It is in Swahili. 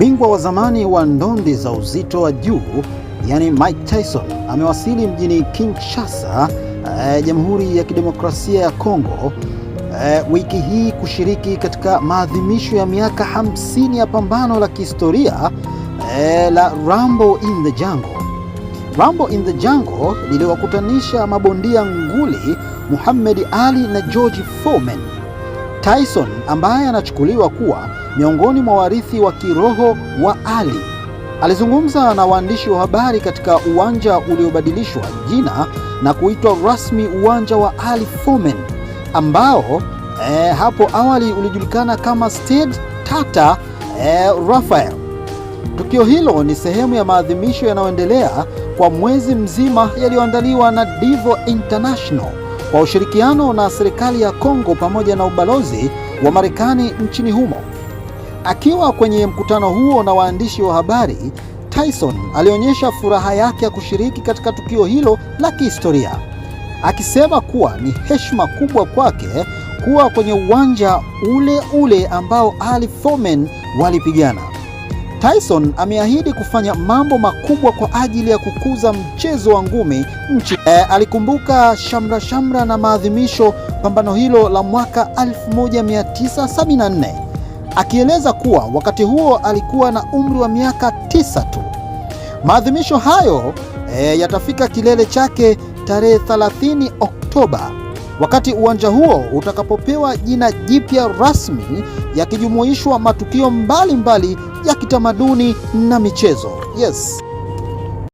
Bingwa wa zamani wa ndondi za uzito wa juu yani Mike Tyson amewasili mjini Kinshasa, eh, Jamhuri ya Kidemokrasia ya Kongo eh, wiki hii kushiriki katika maadhimisho ya miaka 50 ya pambano la kihistoria eh, la Rumble in the Jungle. Rumble in the Jungle liliwakutanisha mabondia nguli Muhammad Ali na George Foreman Tyson ambaye anachukuliwa kuwa miongoni mwa warithi wa kiroho wa Ali alizungumza na waandishi wa habari katika uwanja uliobadilishwa jina na kuitwa rasmi uwanja wa Ali Foreman ambao eh, hapo awali ulijulikana kama Stade Tata eh, Raphael. Tukio hilo ni sehemu ya maadhimisho yanayoendelea kwa mwezi mzima yaliyoandaliwa na Divo International kwa ushirikiano na serikali ya Kongo pamoja na ubalozi wa Marekani nchini humo. Akiwa kwenye mkutano huo na waandishi wa habari, Tyson alionyesha furaha yake ya kushiriki katika tukio hilo la kihistoria, akisema kuwa ni heshima kubwa kwake kuwa kwenye uwanja ule ule ambao Ali Foreman walipigana. Tyson ameahidi kufanya mambo makubwa kwa ajili ya kukuza mchezo wa ngumi nchi. E, alikumbuka shamra shamra na maadhimisho pambano hilo la mwaka 1974 akieleza kuwa wakati huo alikuwa na umri wa miaka tisa tu. Maadhimisho hayo e, yatafika kilele chake tarehe 30 Oktoba wakati uwanja huo utakapopewa jina jipya rasmi yakijumuishwa matukio mbalimbali mbali ya kitamaduni na michezo. Yes.